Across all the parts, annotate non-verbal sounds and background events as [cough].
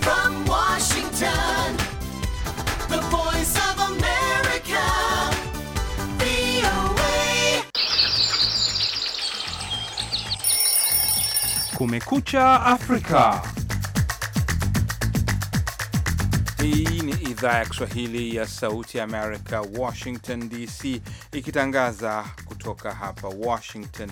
from Washington, the voice of America, VOA. Kumekucha Afrika. Hii ni idhaa ya Kiswahili ya Sauti ya Amerika, Washington DC, ikitangaza kutoka hapa Washington.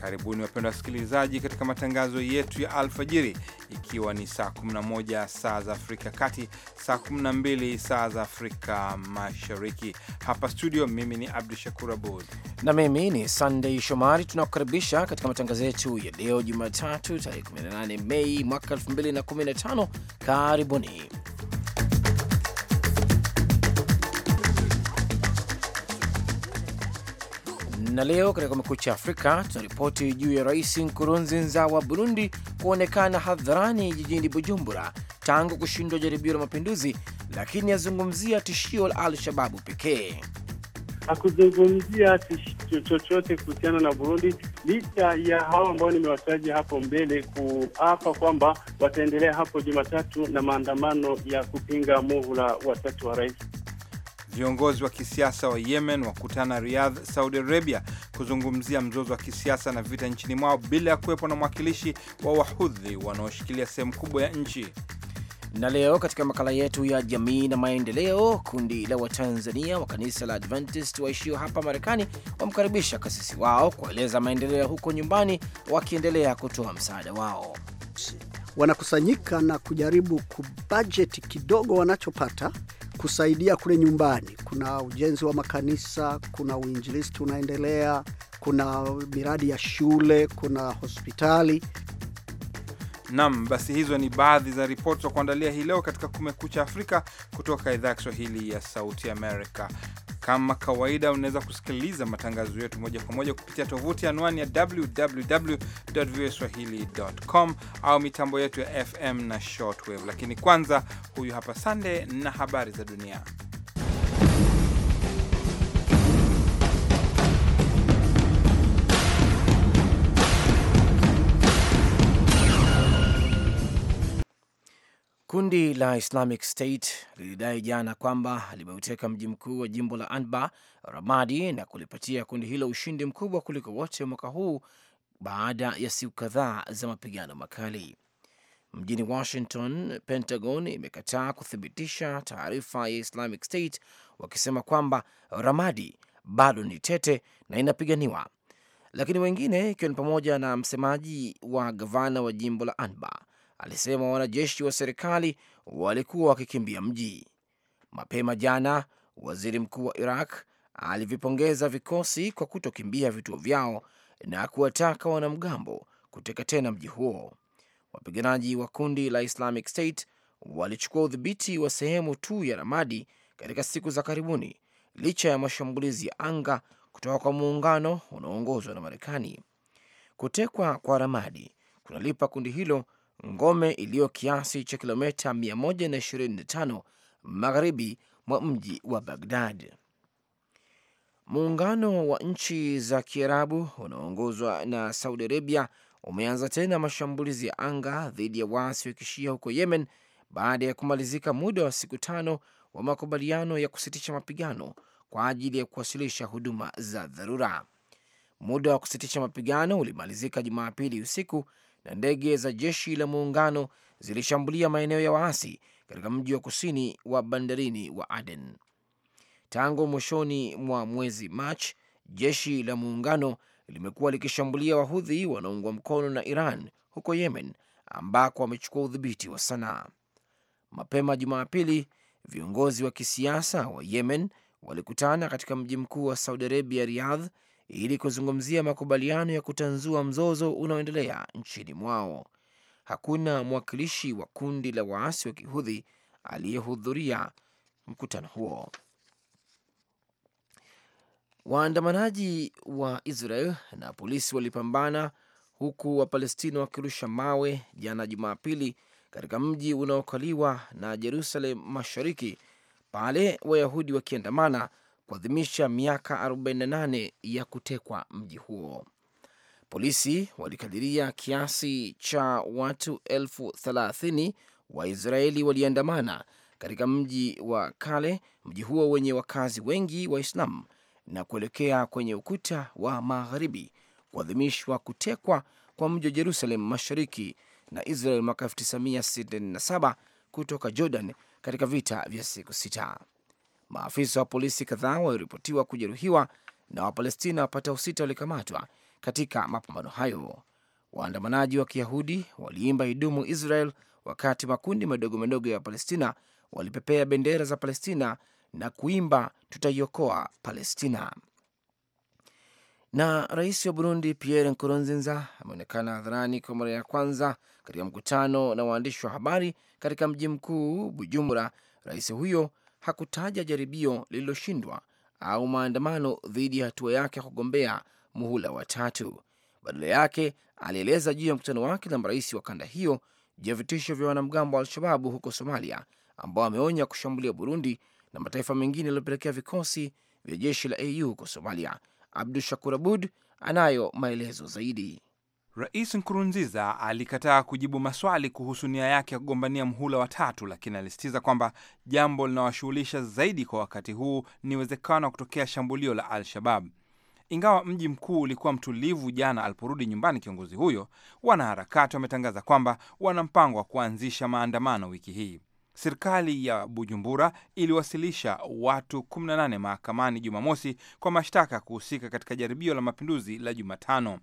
Karibuni wapendwa wasikilizaji, katika matangazo yetu ya alfajiri ikiwa ni saa 11 saa za Afrika Kati, saa 12 saa za Afrika Mashariki. Hapa studio, mimi ni Abdu Shakur Abud na mimi ni sandey Shomari. Tunakukaribisha katika matangazo yetu ya leo Jumatatu tarehe 18 Mei mwaka 2015. Karibuni. Na leo katika Kumekucha Afrika tunaripoti juu ya Rais Nkurunziza wa Burundi kuonekana hadharani jijini Bujumbura tangu kushindwa jaribio la mapinduzi, lakini azungumzia tishio la Al-Shababu pekee hakuzungumzia chochote kuhusiana na Burundi licha ya hao ambao nimewataja hapo mbele kuapa kwamba wataendelea hapo Jumatatu na maandamano ya kupinga muhula watatu wa rais. Viongozi wa kisiasa wa Yemen wakutana Riyadh, Saudi Arabia kuzungumzia mzozo wa kisiasa na vita nchini mwao bila ya kuwepo na mwakilishi wa Wahudhi wanaoshikilia sehemu kubwa ya nchi. Na leo katika makala yetu ya jamii na maendeleo, kundi la Watanzania wa kanisa la Adventist waishio hapa Marekani wamkaribisha kasisi wao kueleza maendeleo huko nyumbani, wakiendelea kutoa msaada wao. Wanakusanyika na kujaribu kubajeti kidogo wanachopata kusaidia kule nyumbani. Kuna ujenzi wa makanisa, kuna uinjilisti unaendelea, kuna miradi ya shule, kuna hospitali. Nam, basi hizo ni baadhi za ripoti za kuandalia hii leo katika Kumekucha Afrika kutoka idhaa ya Kiswahili ya Sauti Amerika. Kama kawaida, unaweza kusikiliza matangazo yetu moja kwa moja kupitia tovuti anwani ya www.voaswahili.com au mitambo yetu ya FM na shortwave. Lakini kwanza, huyu hapa Sande na habari za dunia. Kundi la Islamic State lilidai jana kwamba limeuteka mji mkuu wa jimbo la Anbar, Ramadi, na kulipatia kundi hilo ushindi mkubwa kuliko wote mwaka huu baada ya siku kadhaa za mapigano makali. Mjini Washington, Pentagon imekataa kuthibitisha taarifa ya Islamic State wakisema kwamba Ramadi bado ni tete na inapiganiwa, lakini wengine, ikiwa ni pamoja na msemaji wa gavana wa jimbo la Anbar alisema wanajeshi wa serikali walikuwa wakikimbia mji. Mapema jana, waziri mkuu wa Iraq alivipongeza vikosi kwa kutokimbia vituo vyao na kuwataka wanamgambo kuteka tena mji huo. Wapiganaji wa kundi la Islamic State walichukua udhibiti wa sehemu tu ya Ramadi katika siku za karibuni licha ya mashambulizi ya anga kutoka kwa muungano unaoongozwa na Marekani. Kutekwa kwa Ramadi kunalipa kundi hilo ngome iliyo kiasi cha kilomita 125 magharibi mwa mji wa Bagdad. Muungano wa nchi za Kiarabu unaoongozwa na Saudi Arabia umeanza tena mashambulizi ya anga dhidi ya waasi wa kishia huko Yemen baada ya kumalizika muda wa siku tano wa makubaliano ya kusitisha mapigano kwa ajili ya kuwasilisha huduma za dharura. Muda wa kusitisha mapigano ulimalizika Jumapili usiku na ndege za jeshi la muungano zilishambulia maeneo ya waasi katika mji wa kusini wa bandarini wa Aden. Tangu mwishoni mwa mwezi Machi, jeshi la muungano limekuwa likishambulia wahudhi wanaungwa mkono na Iran huko Yemen, ambako wamechukua udhibiti wa Sanaa. Mapema Jumapili, viongozi wa kisiasa wa Yemen walikutana katika mji mkuu wa Saudi Arabia, Riyadh, ili kuzungumzia makubaliano ya kutanzua mzozo unaoendelea nchini mwao. Hakuna mwakilishi wa kundi la waasi wa kihudhi aliyehudhuria mkutano huo. Waandamanaji wa Israel na polisi walipambana huku Wapalestina wakirusha mawe jana Jumapili katika mji unaokaliwa na Jerusalem Mashariki, pale Wayahudi wakiandamana kuadhimisha miaka 48 ya kutekwa mji huo. Polisi walikadiria kiasi cha watu elfu thelathini Waisraeli waliandamana katika mji wa kale, mji huo wenye wakazi wengi Waislamu, na kuelekea kwenye ukuta wa magharibi kuadhimishwa kutekwa kwa mji wa Jerusalem mashariki na Israel mwaka 1967 kutoka Jordan katika vita vya siku sita. Maafisa wa polisi kadhaa waliripotiwa kujeruhiwa na Wapalestina wapatao sita walikamatwa katika mapambano hayo. Waandamanaji wa Kiyahudi waliimba idumu Israel wakati makundi madogo madogo ya Palestina walipepea bendera za Palestina na kuimba tutaiokoa Palestina. Na rais wa Burundi Pierre Nkurunziza ameonekana hadharani kwa mara ya kwanza katika mkutano na waandishi wa habari katika mji mkuu Bujumbura. Rais huyo hakutaja jaribio lililoshindwa au maandamano dhidi ya hatua yake ya kugombea muhula wa tatu. Badala yake alieleza juu ya mkutano wake na marais wa kanda hiyo juu ya vitisho vya wanamgambo wa Al-Shababu huko Somalia, ambao ameonya kushambulia Burundi na mataifa mengine yaliyopelekea vikosi vya jeshi la AU huko Somalia. Abdu Shakur Abud anayo maelezo zaidi. Rais Nkurunziza alikataa kujibu maswali kuhusu nia yake ya kugombania mhula wa tatu, lakini alisitiza kwamba jambo linawashughulisha zaidi kwa wakati huu ni uwezekano wa kutokea shambulio la Al-Shabab. Ingawa mji mkuu ulikuwa mtulivu jana aliporudi nyumbani kiongozi huyo, wanaharakati wametangaza kwamba wana mpango wa kuanzisha maandamano wiki hii. Serikali ya Bujumbura iliwasilisha watu 18 mahakamani Jumamosi kwa mashtaka ya kuhusika katika jaribio la mapinduzi la Jumatano.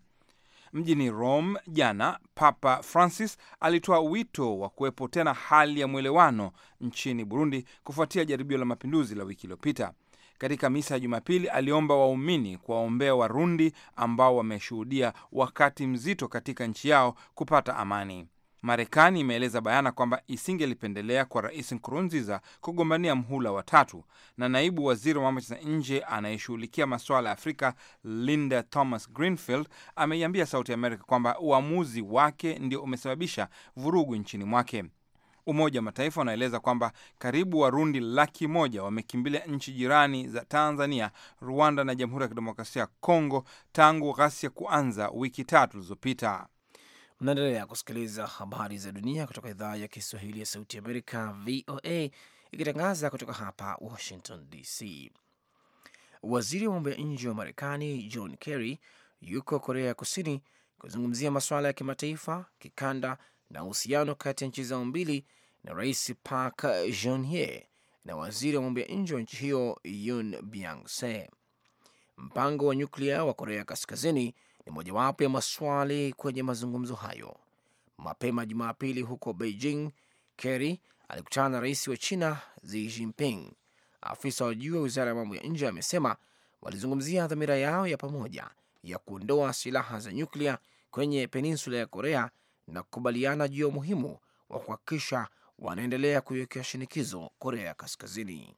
Mjini Rome jana, Papa Francis alitoa wito wa kuwepo tena hali ya mwelewano nchini Burundi kufuatia jaribio la mapinduzi la wiki iliyopita. Katika misa ya Jumapili aliomba waumini kuwaombea Warundi ambao wameshuhudia wakati mzito katika nchi yao kupata amani. Marekani imeeleza bayana kwamba isingelipendelea kwa Rais Nkurunziza kugombania mhula wa tatu, na naibu waziri wa mambo za nje anayeshughulikia masuala ya Afrika Linda Thomas Greenfield ameiambia Sauti Amerika kwamba uamuzi wake ndio umesababisha vurugu nchini mwake. Umoja wa Mataifa unaeleza kwamba karibu Warundi laki moja wamekimbilia nchi jirani za Tanzania, Rwanda na Jamhuri ya Kidemokrasia ya Kongo tangu ghasia kuanza wiki tatu zilizopita. Mnaendelea kusikiliza habari za dunia kutoka idhaa ya Kiswahili ya Sauti Amerika, VOA, ikitangaza kutoka hapa Washington DC. Waziri wa mambo ya nje wa Marekani John Kerry yuko Korea ya Kusini kuzungumzia masuala ya kimataifa, kikanda na uhusiano kati ya nchi zao mbili na Rais Park Geun-hye na waziri wa mambo ya nje wa nchi hiyo yun Byung-se. Mpango wa nyuklia wa Korea Kaskazini ni mojawapo ya maswali kwenye mazungumzo hayo. Mapema Jumapili huko Beijing, Kerry alikutana na rais wa China Xi Jinping. Afisa wa juu wa wizara ya mambo ya nje amesema walizungumzia dhamira yao ya pamoja ya kuondoa silaha za nyuklia kwenye peninsula ya Korea na kukubaliana juu ya umuhimu wa kuhakikisha wanaendelea kuiwekea shinikizo Korea Kaskazini.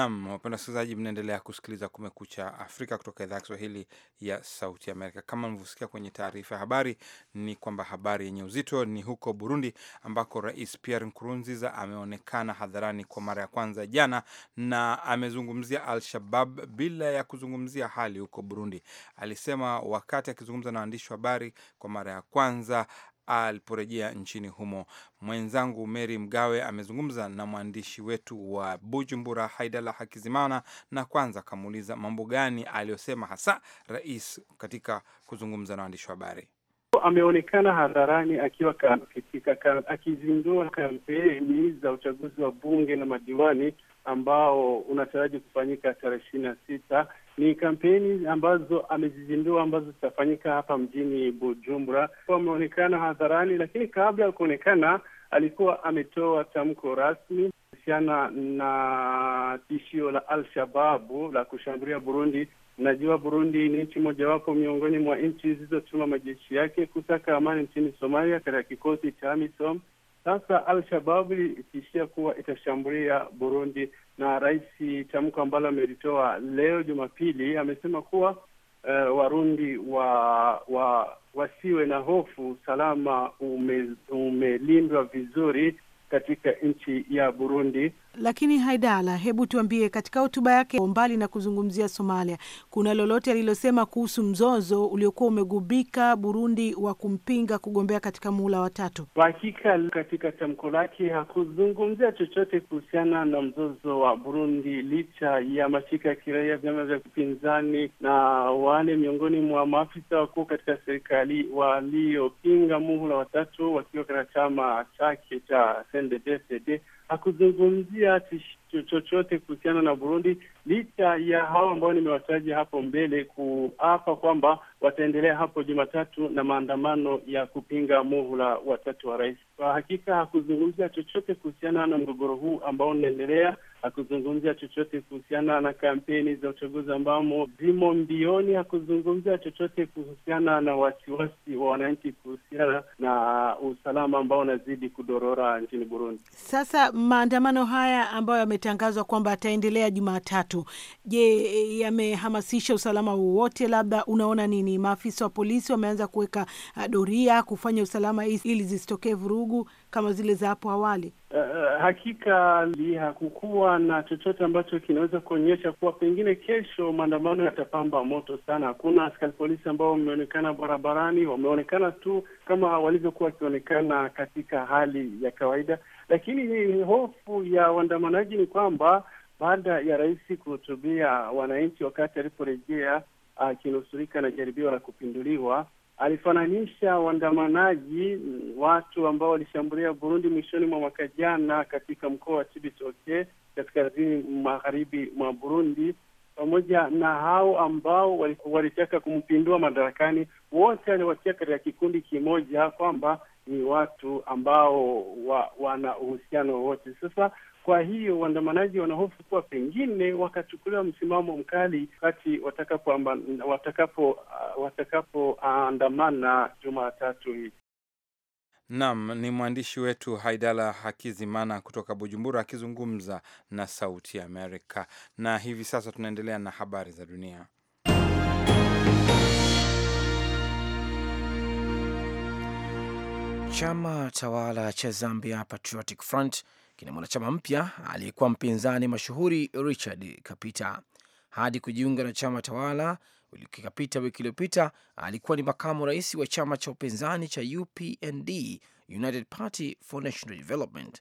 Nam, wapenda wasikilizaji, mnaendelea kusikiliza Kumekucha Afrika kutoka idhaa ya Kiswahili ya Sauti Amerika. Kama mlivyosikia kwenye taarifa ya habari, ni kwamba habari yenye uzito ni huko Burundi, ambako Rais Pierre Nkurunziza ameonekana hadharani kwa mara ya kwanza jana na amezungumzia Al-Shabab bila ya kuzungumzia hali huko Burundi. Alisema wakati akizungumza na waandishi wa habari kwa mara ya kwanza aliporejea nchini humo. Mwenzangu Mary Mgawe amezungumza na mwandishi wetu wa Bujumbura, Haidala Hakizimana, na kwanza akamuuliza mambo gani aliyosema hasa rais katika kuzungumza na waandishi wa habari. Ameonekana hadharani akiwa katika akizindua kampeni za uchaguzi wa bunge na madiwani ambao unataraji kufanyika tarehe ishirini na sita ni kampeni ambazo amezizindua ambazo zitafanyika hapa mjini Bujumbura. Ameonekana hadharani, lakini kabla ya kuonekana alikuwa ametoa tamko rasmi kuhusiana na tishio la Al-Shababu la kushambulia Burundi. Najua Burundi ni nchi mojawapo miongoni mwa nchi zilizotuma majeshi yake kusaka amani nchini Somalia katika kikosi cha AMISOM. Sasa Al-Shababu ikiishia kuwa itashambulia Burundi, na rais tamko ambalo amelitoa leo Jumapili amesema kuwa uh, Warundi wa, wa wasiwe na hofu, usalama ume, umelindwa vizuri katika nchi ya Burundi lakini Haidala, hebu tuambie, katika hotuba yake, mbali na kuzungumzia Somalia, kuna lolote alilosema kuhusu mzozo uliokuwa umegubika Burundi wa kumpinga kugombea katika muhula wa tatu? Kwa hakika, katika tamko lake hakuzungumzia chochote kuhusiana na mzozo wa Burundi, licha ya mashirika ya kiraia, vyama vya kupinzani na wale miongoni mwa maafisa wakuu katika serikali waliopinga muhula wa tatu wakiwa katika chama chake cha CNDD-FDD hakuzungumzia chochote kuhusiana na Burundi licha ya hao ambao nimewataja hapo mbele kuapa kwamba wataendelea hapo Jumatatu na maandamano ya kupinga muhula watatu wa rais. Kwa hakika hakuzungumzia chochote kuhusiana na mgogoro huu ambao unaendelea hakuzungumzia chochote kuhusiana na kampeni za uchaguzi ambamo zimo mbioni. Hakuzungumzia chochote kuhusiana na wasiwasi wa wananchi kuhusiana na usalama ambao unazidi kudorora nchini Burundi. Sasa maandamano haya ambayo yametangazwa kwamba yataendelea Jumatatu, je, yamehamasisha usalama wowote? Labda unaona nini? Maafisa wa polisi wameanza kuweka doria kufanya usalama ili zisitokee vurugu kama zile za hapo awali. Uh, hakika hakukuwa na chochote ambacho kinaweza kuonyesha kuwa pengine kesho maandamano yatapamba moto sana. Hakuna askari polisi ambao wameonekana barabarani, wameonekana tu kama walivyokuwa wakionekana katika hali ya kawaida. Lakini hofu ya waandamanaji ni kwamba baada ya rais kuhutubia wananchi wakati aliporejea akinusurika na jaribio la kupinduliwa alifananisha waandamanaji, watu ambao walishambulia Burundi mwishoni mwa mwaka jana katika mkoa wa Cibitoke kaskazini magharibi mwa Burundi, pamoja na hao ambao walitaka kumpindua madarakani. Wote aliwatia katika kikundi kimoja kwamba ni watu ambao wana uhusiano wote. Sasa kwa hiyo waandamanaji wanahofu kuwa pengine wakachukuliwa msimamo mkali wakati uh, watakapoandamana watakapo, watakapo, Jumatatu hii. Naam, ni mwandishi wetu Haidala Hakizimana kutoka Bujumbura akizungumza na Sauti ya Amerika. Na hivi sasa tunaendelea na habari za dunia. Chama tawala cha Zambia Patriotic Front kina mwanachama mpya aliyekuwa mpinzani mashuhuri Richard Kapita hadi kujiunga na chama tawala. Kapita wiki iliyopita alikuwa ni makamu rais wa chama cha upinzani cha UPND, United Party for National Development.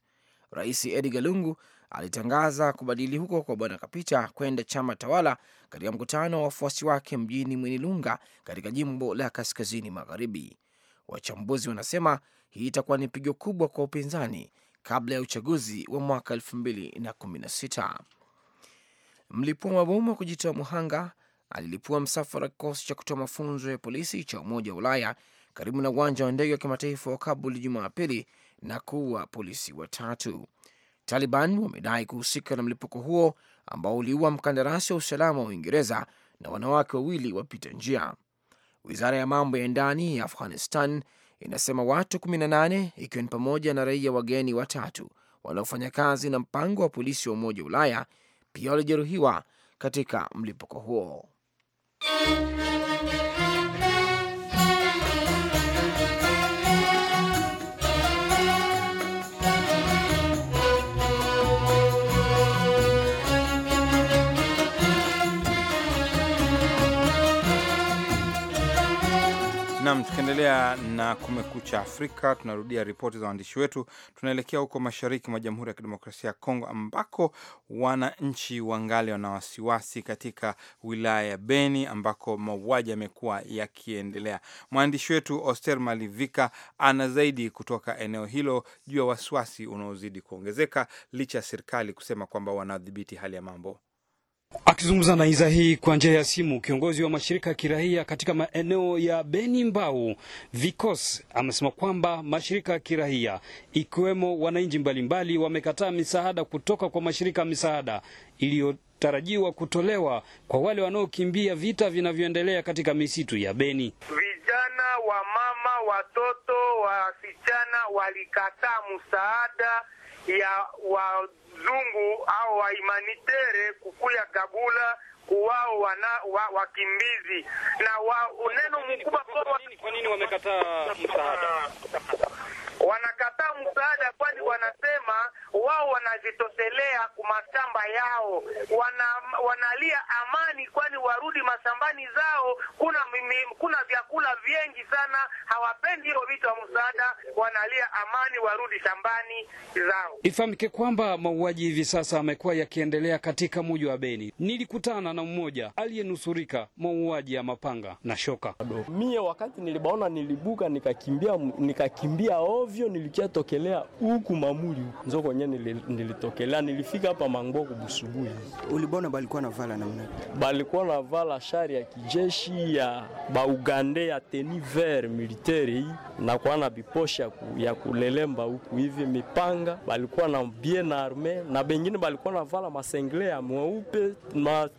Rais Edgar Lungu alitangaza kubadili huko kwa bwana Kapita kwenda chama tawala katika mkutano wa wafuasi wake mjini Mwinilunga katika jimbo la kaskazini magharibi. Wachambuzi wanasema hii itakuwa ni pigo kubwa kwa upinzani kabla ya uchaguzi wa mwaka 2016. Mlipua mabomu wa kujitoa muhanga alilipua msafara wa kikosi cha kutoa mafunzo ya polisi cha Umoja wa Ulaya karibu na uwanja wa ndege wa kimataifa wa Kabul Jumapili na kuua polisi watatu. Taliban wamedai kuhusika na mlipuko huo ambao uliua mkandarasi wa usalama wa Uingereza na wanawake wawili wapita njia. Wizara ya mambo ya ndani ya Afghanistan inasema watu 18 ikiwa ni pamoja na raia wageni watatu wanaofanya kazi na mpango wa polisi wa Umoja wa Ulaya pia walijeruhiwa katika mlipuko huo. Nam, tukiendelea na Kumekucha Afrika, tunarudia ripoti za waandishi wetu. Tunaelekea huko mashariki mwa Jamhuri ya Kidemokrasia ya Kongo, ambako wananchi wangali wana wasiwasi katika wilaya ya Beni, ambako mauaji yamekuwa yakiendelea. Mwandishi wetu Oster Malivika ana zaidi kutoka eneo hilo juu ya wasiwasi unaozidi kuongezeka licha ya serikali kusema kwamba wanadhibiti hali ya mambo. Akizungumza na idhaa hii kwa njia ya simu, kiongozi wa mashirika ya kiraia katika maeneo ya Beni Mbau Vikos amesema kwamba mashirika ya kiraia ikiwemo wananchi mbalimbali wamekataa misaada kutoka kwa mashirika ya misaada iliyotarajiwa kutolewa kwa wale wanaokimbia vita vinavyoendelea katika misitu ya Beni. Vijana, wamama, watoto, wasichana walikataa msaada ya wa wazungu au waimanitere kukuya kabula kuwao wana wa, wakimbizi na wa, uneno mkubwa kwa nini wamekataa msaada sana, hawapendi hilo vitu wa msaada, wanalia amani, warudi shambani zao. Ifahamike kwamba mauaji hivi sasa amekuwa yakiendelea katika mji wa Beni. Nilikutana na mmoja aliyenusurika mauaji ya mapanga na shoka. Mie wakati nilibaona nilibuka, nikakimbia nikakimbia ovyo, nilikiatokelea huku mamuli huku nzo kwenye nilitokelea, nilifika hapa mango kubusubuhi. Ulibona balikuwa na vala namna, balikuwa na vala shari ya kijeshi ya baugande ya tenive militaire militaire hii nakuwa na biposha ya kulelemba huku hivi mipanga, balikuwa na bie na arme na bengine balikuwa na vala masengle ya mweupe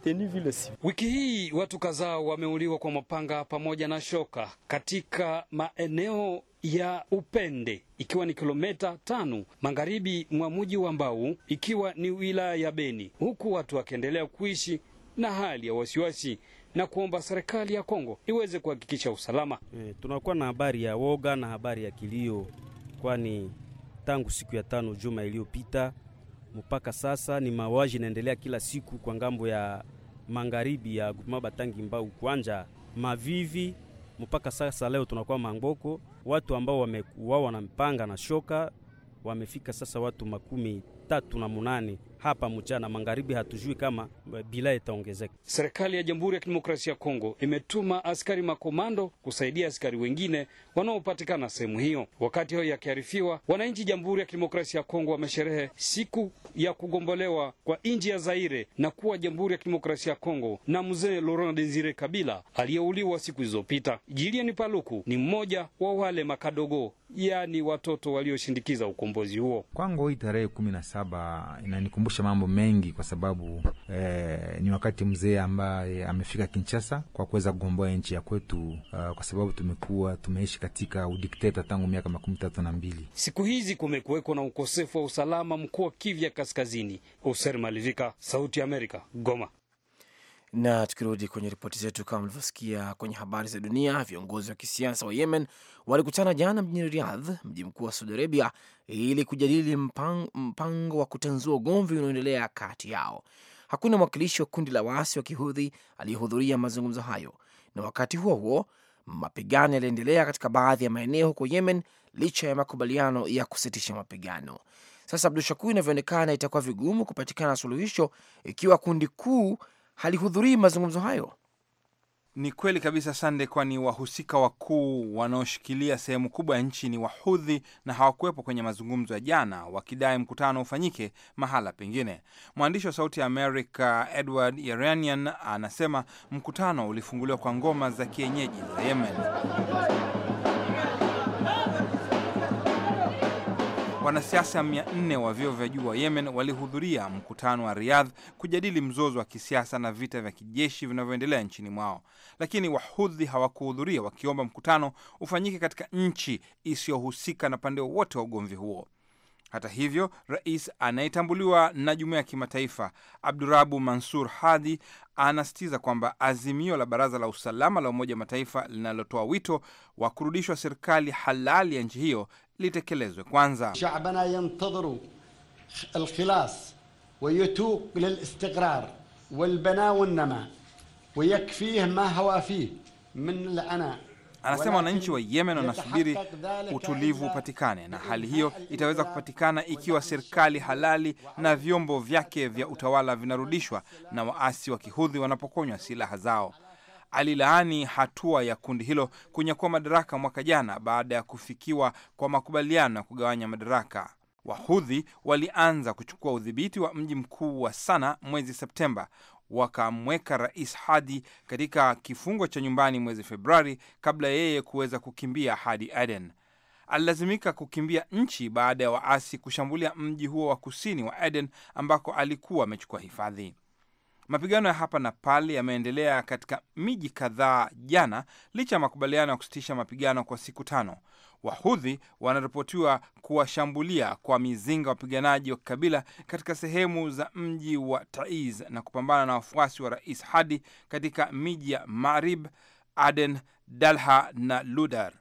teni vile. Si wiki hii watu kadhaa wameuliwa kwa mapanga pamoja na shoka katika maeneo ya Upende ikiwa ni kilometa tano magharibi mwa mji wa Mbau ikiwa ni wilaya ya Beni, huku watu wakiendelea kuishi na hali ya wasiwasi na kuomba serikali ya Kongo iweze kuhakikisha usalama. E, tunakuwa na habari ya woga na habari ya kilio, kwani tangu siku ya tano juma iliyopita mpaka sasa ni mauaji inaendelea kila siku kwa ngambo ya magharibi ya Guma Batangi Mbau kwanja Mavivi mpaka sasa leo tunakuwa Mangoko, watu ambao wamekuwa na mpanga na shoka wamefika sasa watu makumi tatu na munane hapa mchana magharibi, hatujui kama eh, bila itaongezeka. Serikali ya Jamhuri ya Kidemokrasia ya Kongo imetuma askari makomando kusaidia askari wengine wanaopatikana sehemu hiyo. Wakati hayo yakiarifiwa, wananchi Jamhuri ya Kidemokrasia ya Kongo wamesherehe siku ya kugombolewa kwa nchi ya Zaire na kuwa Jamhuri ya Kidemokrasia ya Kongo na mzee Laurent Desire Kabila aliyeuliwa siku zilizopita. Jilieni Paluku ni mmoja wa wale makadogo yaani watoto walioshindikiza ukombozi huo. Kwangu hii tarehe kumi na saba inanikumbusha mambo mengi, kwa sababu eh, ni wakati mzee ambaye amefika Kinshasa kwa kuweza kugomboa nchi ya kwetu, uh, kwa sababu tumekuwa tumeishi katika udikteta tangu miaka makumi tatu na mbili. Siku hizi kumekuweko na ukosefu wa usalama mkuu wa Kivya Kaskazini. Oser Malivika, Sauti ya Amerika, Goma. Na tukirudi kwenye ripoti zetu, kama mlivyosikia kwenye habari za dunia, viongozi wa kisiasa wa Yemen walikutana jana mjini Riyadh, mji mkuu wa Saudi Arabia, ili kujadili mpango mpang wa kutanzua ugomvi unaoendelea kati yao. Hakuna mwakilishi wa kundi la waasi wa kihudhi aliyehudhuria mazungumzo hayo, na wakati huo huo mapigano yaliendelea katika baadhi ya maeneo huko Yemen licha ya makubaliano ya kusitisha mapigano. Sasa Abdu Shakur, inavyoonekana itakuwa vigumu kupatikana suluhisho ikiwa kundi kuu halihudhurii mazungumzo hayo. Ni kweli kabisa Sande, kwani wahusika wakuu wanaoshikilia sehemu kubwa ya nchi ni Wahudhi na hawakuwepo kwenye mazungumzo ya jana, wakidai mkutano ufanyike mahala pengine. Mwandishi wa Sauti ya Amerika Edward Yeranian anasema mkutano ulifunguliwa kwa ngoma za kienyeji za Yemen. Wanasiasa nne wa vyeo vya juu wa Yemen walihudhuria mkutano wa Riyadh kujadili mzozo wa kisiasa na vita vya kijeshi vinavyoendelea nchini mwao, lakini Wahudhi hawakuhudhuria wakiomba mkutano ufanyike katika nchi isiyohusika na pande wote wa ugomvi huo. Hata hivyo, rais anayetambuliwa na jumuiya ya kimataifa Abdurabu Mansur Hadi anasisitiza kwamba azimio la Baraza la Usalama la Umoja wa Mataifa linalotoa wito wa kurudishwa serikali halali ya nchi hiyo litekelezwe kwanza. shabana yantadhiru alkhilas wa yutuq lilistiqrar walbana wanama wa yakfih ma hawa fih min alana Anasema wananchi wa Yemen wanasubiri utulivu upatikane, na hali hiyo itaweza kupatikana ikiwa serikali halali na vyombo vyake vya utawala vinarudishwa na waasi wa kihudhi wanapokonywa silaha zao alilaani hatua ya kundi hilo kunyakua madaraka mwaka jana baada ya kufikiwa kwa makubaliano ya kugawanya madaraka. Wahudhi walianza kuchukua udhibiti wa mji mkuu wa Sana mwezi Septemba, wakamweka Rais Hadi katika kifungo cha nyumbani mwezi Februari kabla yeye kuweza kukimbia hadi Aden. Alilazimika kukimbia nchi baada ya waasi kushambulia mji huo wa kusini wa Aden ambako alikuwa amechukua hifadhi. Mapigano ya hapa na pale yameendelea katika miji kadhaa jana, licha ya makubaliano ya kusitisha mapigano kwa siku tano. Wahudhi wanaripotiwa kuwashambulia kwa mizinga wapiganaji wa kikabila katika sehemu za mji wa Taiz na kupambana na wafuasi wa Rais Hadi katika miji ya Marib, Aden, Dalha na Ludar.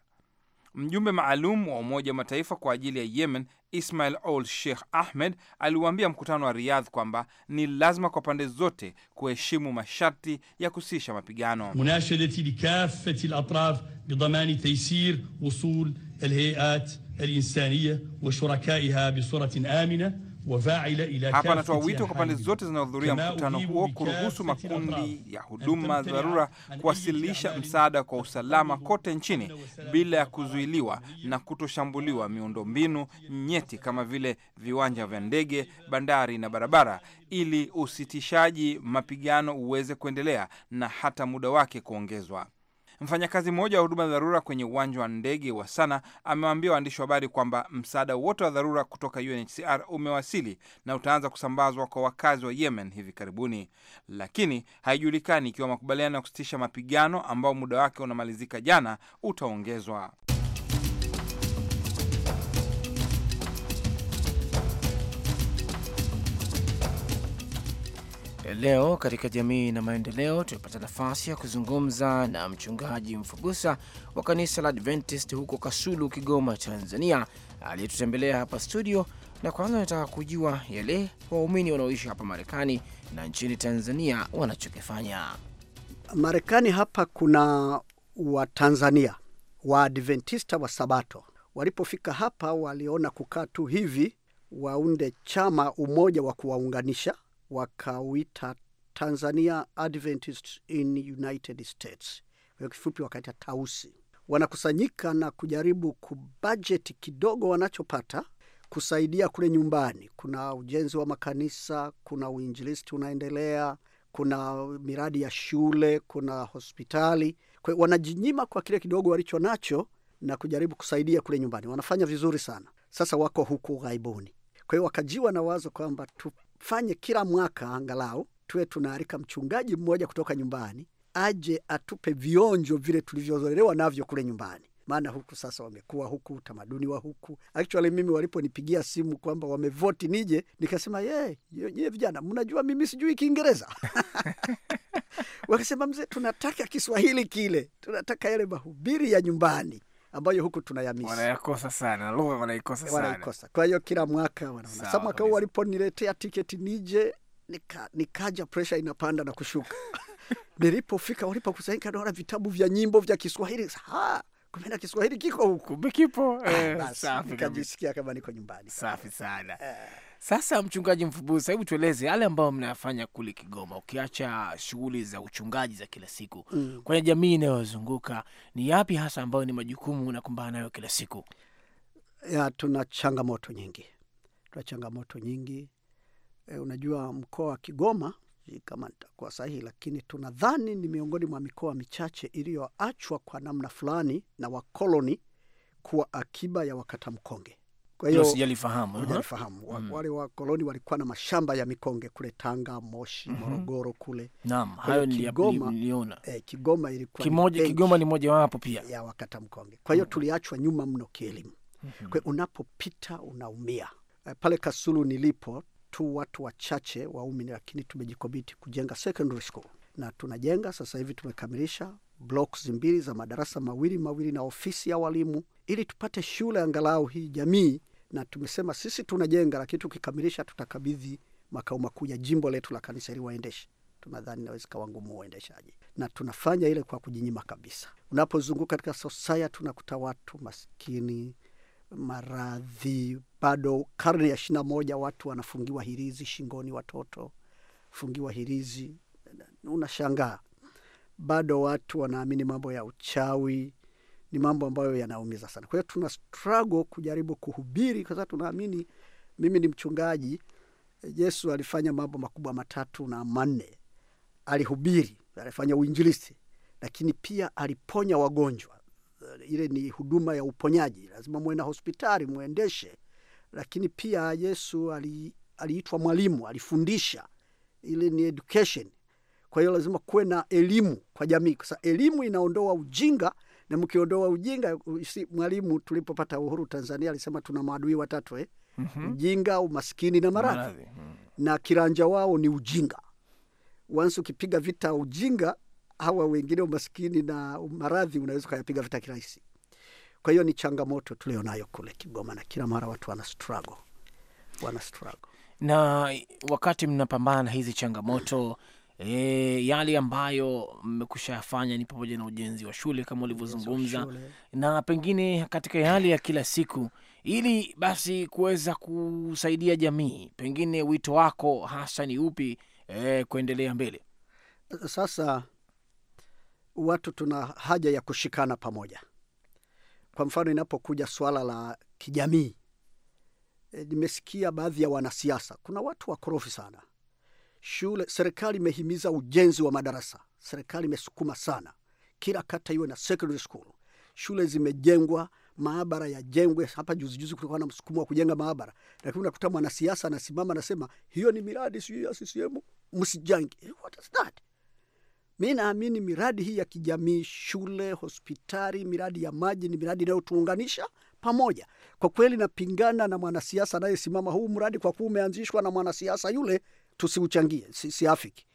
Mjumbe maalum wa Umoja wa Mataifa kwa ajili ya Yemen, Ismail Ol Sheikh Ahmed, aliuambia mkutano wa Riyadh kwamba ni lazima kwa pande zote kuheshimu masharti ya kusitisha mapigano. munashadati likafati latraf bidhamani taysir wusul alhayat alinsaniya wa shurakaiha bisuratin amina hapa anatoa wito kwa pande zote zinazohudhuria mkutano huo kuruhusu makundi ya huduma dharura kuwasilisha msaada kwa usalama kote nchini bila ya kuzuiliwa na kutoshambuliwa miundombinu nyeti kama vile viwanja vya ndege, bandari na barabara, ili usitishaji mapigano uweze kuendelea na hata muda wake kuongezwa. Mfanyakazi mmoja wa huduma za dharura kwenye uwanja wa ndege wa Sana amewaambia waandishi wa habari kwamba msaada wote wa dharura kutoka UNHCR umewasili na utaanza kusambazwa kwa wakazi wa Yemen hivi karibuni, lakini haijulikani ikiwa makubaliano ya kusitisha mapigano ambao muda wake unamalizika jana utaongezwa. Leo katika jamii na maendeleo tumepata nafasi ya kuzungumza na mchungaji mfugusa wa kanisa la Adventist huko Kasulu, Kigoma, Tanzania, aliyetutembelea hapa studio, na kwanza nataka kujua yale waumini wanaoishi hapa Marekani na nchini Tanzania wanachokifanya. Marekani hapa kuna Watanzania wa adventista wa Sabato. Walipofika hapa, waliona kukaa tu hivi waunde chama, umoja wa kuwaunganisha wakauita Tanzania Adventist in United States, kwa kifupi wakaita Tausi. Wanakusanyika na kujaribu kubajeti kidogo wanachopata kusaidia kule nyumbani. Kuna ujenzi wa makanisa, kuna uinjilisti unaendelea, kuna miradi ya shule, kuna hospitali. Kwa wanajinyima kwa kile kidogo walicho nacho na kujaribu kusaidia kule nyumbani. Wanafanya vizuri sana. Sasa wako huku ghaibuni. Kwa hiyo wakajiwa na wazo kwamba tufanye kila mwaka angalau tuwe tunaalika mchungaji mmoja kutoka nyumbani aje atupe vionjo vile tulivyozolelewa navyo kule nyumbani, maana huku sasa wamekuwa huku utamaduni wa huku. Actually mimi waliponipigia simu kwamba wamevoti nije, nikasema ye ye, vijana mnajua mimi sijui Kiingereza [laughs] wakasema mzee, tunataka Kiswahili kile, tunataka yale mahubiri ya nyumbani ambayo huku tunayamisi, wanayakosa sana, lugha wanaikosa sana, wanaikosa. Kwa hiyo kila mwaka wanaona. Sasa mwaka huu waliponiletea tiketi nije nika, nikaja, presha inapanda na kushuka [laughs] nilipofika, walipokusanyika naona vitabu vya nyimbo vya Kiswahili ha kumena Kiswahili kiko huku, kumbe kipo ah, eh, safi kabisa, nikajisikia kama niko nyumbani, safi sana eh. Sasa Mchungaji Mfubusa, hebu tueleze yale ambayo mnayafanya kule Kigoma, ukiacha shughuli za uchungaji za kila siku mm. kwenye jamii inayozunguka ni yapi hasa ambayo ni majukumu unakumbana nayo kila siku? Ya, tuna changamoto nyingi, tuna changamoto nyingi e, unajua mkoa wa Kigoma kama nitakuwa sahihi, lakini tunadhani ni miongoni mwa mikoa michache iliyoachwa kwa namna fulani na wakoloni kuwa akiba ya wakata mkonge kwa hiyo sijalifahamu, hujalifahamu mm. Wale wakoloni walikuwa na mashamba ya mikonge kule Tanga, Moshi, mhm. Morogoro kule. Naam, hayo Kigoma, niliona. Eh, Kigoma ilikuwa kimoja, Kigoma ni mojawapo pia ya wakata mkonge. Kwa hiyo mm. tuliachwa nyuma mno kielimu mm -hmm. Kwa unapopita unaumia. Eh, pale Kasulu nilipo tu watu wachache waumini, lakini tumejikomiti kujenga secondary school na tunajenga sasa hivi, tumekamilisha blocks mbili za madarasa mawili mawili na ofisi ya walimu ili tupate shule angalau hii jamii na tumesema sisi tunajenga, lakini tukikamilisha tutakabidhi makao makuu ya jimbo letu la kanisa ili waendeshe. Tunadhani naweza wangu ngumu uendeshaji, na tunafanya ile kwa kujinyima kabisa. Unapozunguka katika sosaya, tunakuta watu maskini, maradhi, bado karne ya ishirini na moja, watu wanafungiwa hirizi shingoni, watoto fungiwa hirizi, unashangaa bado watu wanaamini mambo ya uchawi ni mambo ambayo yanaumiza sana. Kwa hiyo tuna struggle kujaribu kuhubiri, kwa sababu tunaamini, mimi ni mchungaji. Yesu alifanya mambo makubwa matatu na manne, alihubiri, alifanya uinjilisti, lakini pia aliponya wagonjwa. Ile ni huduma ya uponyaji, lazima mwenda hospitali mwendeshe. Lakini pia Yesu ali, aliitwa mwalimu, alifundisha. Ile ni education. Kwa hiyo lazima kuwe na elimu kwa jamii, kwa sababu elimu inaondoa ujinga na mkiondoa ujinga. Mwalimu tulipopata uhuru Tanzania alisema tuna maadui watatu eh? mm -hmm. Ujinga, umaskini na maradhi mm -hmm. na kiranja wao ni ujinga. wans ukipiga vita ujinga, hawa wengine umaskini na maradhi unaweza ukayapiga vita kirahisi. Kwa hiyo ni changamoto tulionayo kule Kigoma, na kila mara watu wana struggle, wana struggle. Na wakati mnapambana na hizi changamoto E, yale ambayo mmekusha yafanya ni pamoja na ujenzi wa shule kama ulivyozungumza, na pengine katika yale ya kila siku, ili basi kuweza kusaidia jamii, pengine wito wako hasa ni upi e, kuendelea mbele? Sasa watu tuna haja ya kushikana pamoja. Kwa mfano, inapokuja swala la kijamii, eh, nimesikia e, baadhi ya wanasiasa, kuna watu wakorofi sana shule. Serikali imehimiza ujenzi wa madarasa, serikali imesukuma sana, kila kata iwe na secondary school. Shule zimejengwa, maabara yajengwe. Hapa juzijuzi kutokana na msukumo wa kujenga maabara, lakini unakuta mwanasiasa anasimama anasema hiyo ni miradi sio ya CCM, msijangi. Eh, what is that? Mimi naamini miradi hii ya kijamii, shule, hospitali, miradi ya maji ni miradi inayotuunganisha pamoja. Kwa kweli, napingana na mwanasiasa anayesimama huu mradi kwa kuwa umeanzishwa na mwanasiasa yule, tusiuchangie, siafiki.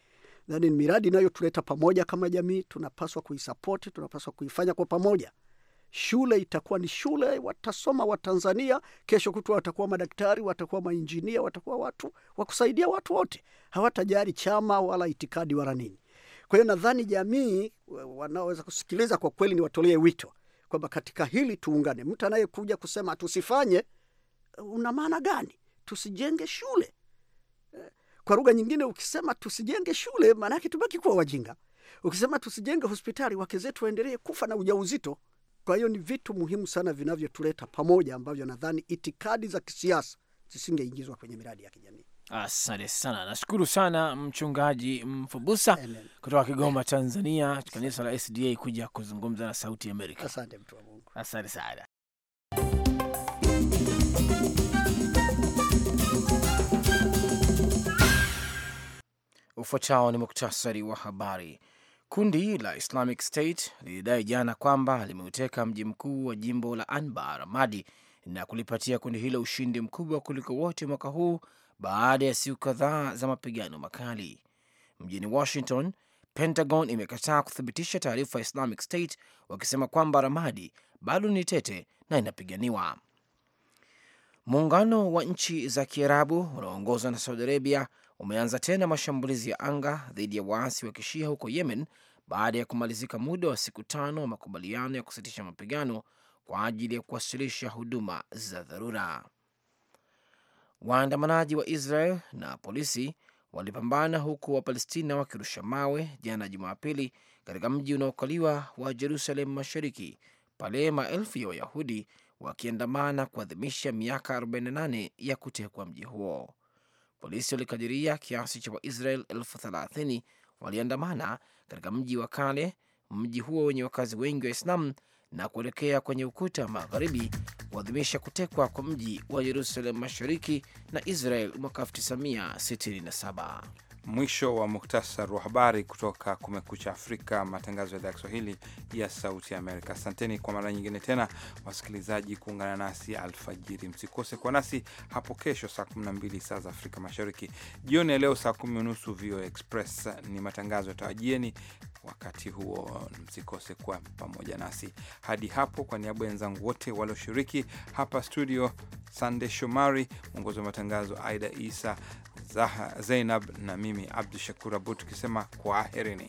Then miradi inayotuleta pamoja kama jamii tunapaswa kuisapoti, tunapaswa kuifanya kwa pamoja. Shule itakuwa ni shule, watasoma Watanzania, kesho kutwa watakuwa madaktari, watakuwa mainjinia, watakuwa watu wakusaidia watu wote, hawatajari chama wala itikadi wala nini. Kwa hiyo nadhani jamii wanaoweza kusikiliza kwa kweli, ni niwatolee wito kwamba katika hili tuungane. Mtu anayekuja kusema tusifanye, una maana gani? Tusijenge shule kwa lugha nyingine, ukisema tusijenge shule, maanake tubaki kuwa wajinga. Ukisema tusijenge hospitali, wake zetu waendelee kufa na ujauzito. Kwa hiyo ni vitu muhimu sana vinavyotuleta pamoja, ambavyo nadhani itikadi za kisiasa zisingeingizwa kwenye miradi ya kijamii. Asante sana, nashukuru sana Mchungaji Mfubusa kutoka Kigoma, Tanzania, kanisa la SDA kuja kuzungumza na Sauti ya Amerika. Asante mtu wa Mungu, asante sana. Ufuatao ni muktasari wa habari. Kundi la Islamic State lilidai jana kwamba limeuteka mji mkuu wa jimbo la Anbar, Ramadi, na kulipatia kundi hilo ushindi mkubwa kuliko wote mwaka huu baada ya siku kadhaa za mapigano makali. Mjini Washington, Pentagon imekataa kuthibitisha taarifa ya Islamic State wakisema kwamba Ramadi bado ni tete na inapiganiwa. Muungano wa nchi za Kiarabu unaoongozwa na Saudi Arabia umeanza tena mashambulizi ya anga dhidi ya waasi wa kishia huko Yemen baada ya kumalizika muda wa siku tano wa makubaliano ya kusitisha mapigano kwa ajili ya kuwasilisha huduma za dharura. Waandamanaji wa Israel na polisi walipambana huku Wapalestina wakirusha mawe jana Jumapili katika mji unaokaliwa wa Jerusalem Mashariki, pale maelfu ya Wayahudi wakiandamana kuadhimisha miaka 48 ya kutekwa mji huo. Polisi walikadiria kiasi cha Waisrael elfu thelathini waliandamana katika mji wa kale, mji huo wenye wakazi wengi wa islam na kuelekea kwenye ukuta magharibi kuadhimisha kutekwa kwa mji wa Yerusalemu mashariki na Israel mwaka 1967. Mwisho wa muktasar wa habari kutoka Kumekucha Afrika, matangazo ya idhaa ya Kiswahili ya Sauti ya Amerika. Asanteni kwa mara nyingine tena wasikilizaji kuungana nasi alfajiri. Msikose kwa nasi hapo kesho saa 12 saa za Afrika Mashariki, jioni ya leo saa kumi unusu VOA Express ni matangazo yatawajieni wakati huo, msikose kuwa pamoja nasi hadi hapo. Kwa niaba ya wenzangu wote walioshiriki hapa studio, Sande Shomari mwongozi wa matangazo, Aida Isa Zaha Zainab na mimi Abdu Shakur Abud tukisema kwaherini.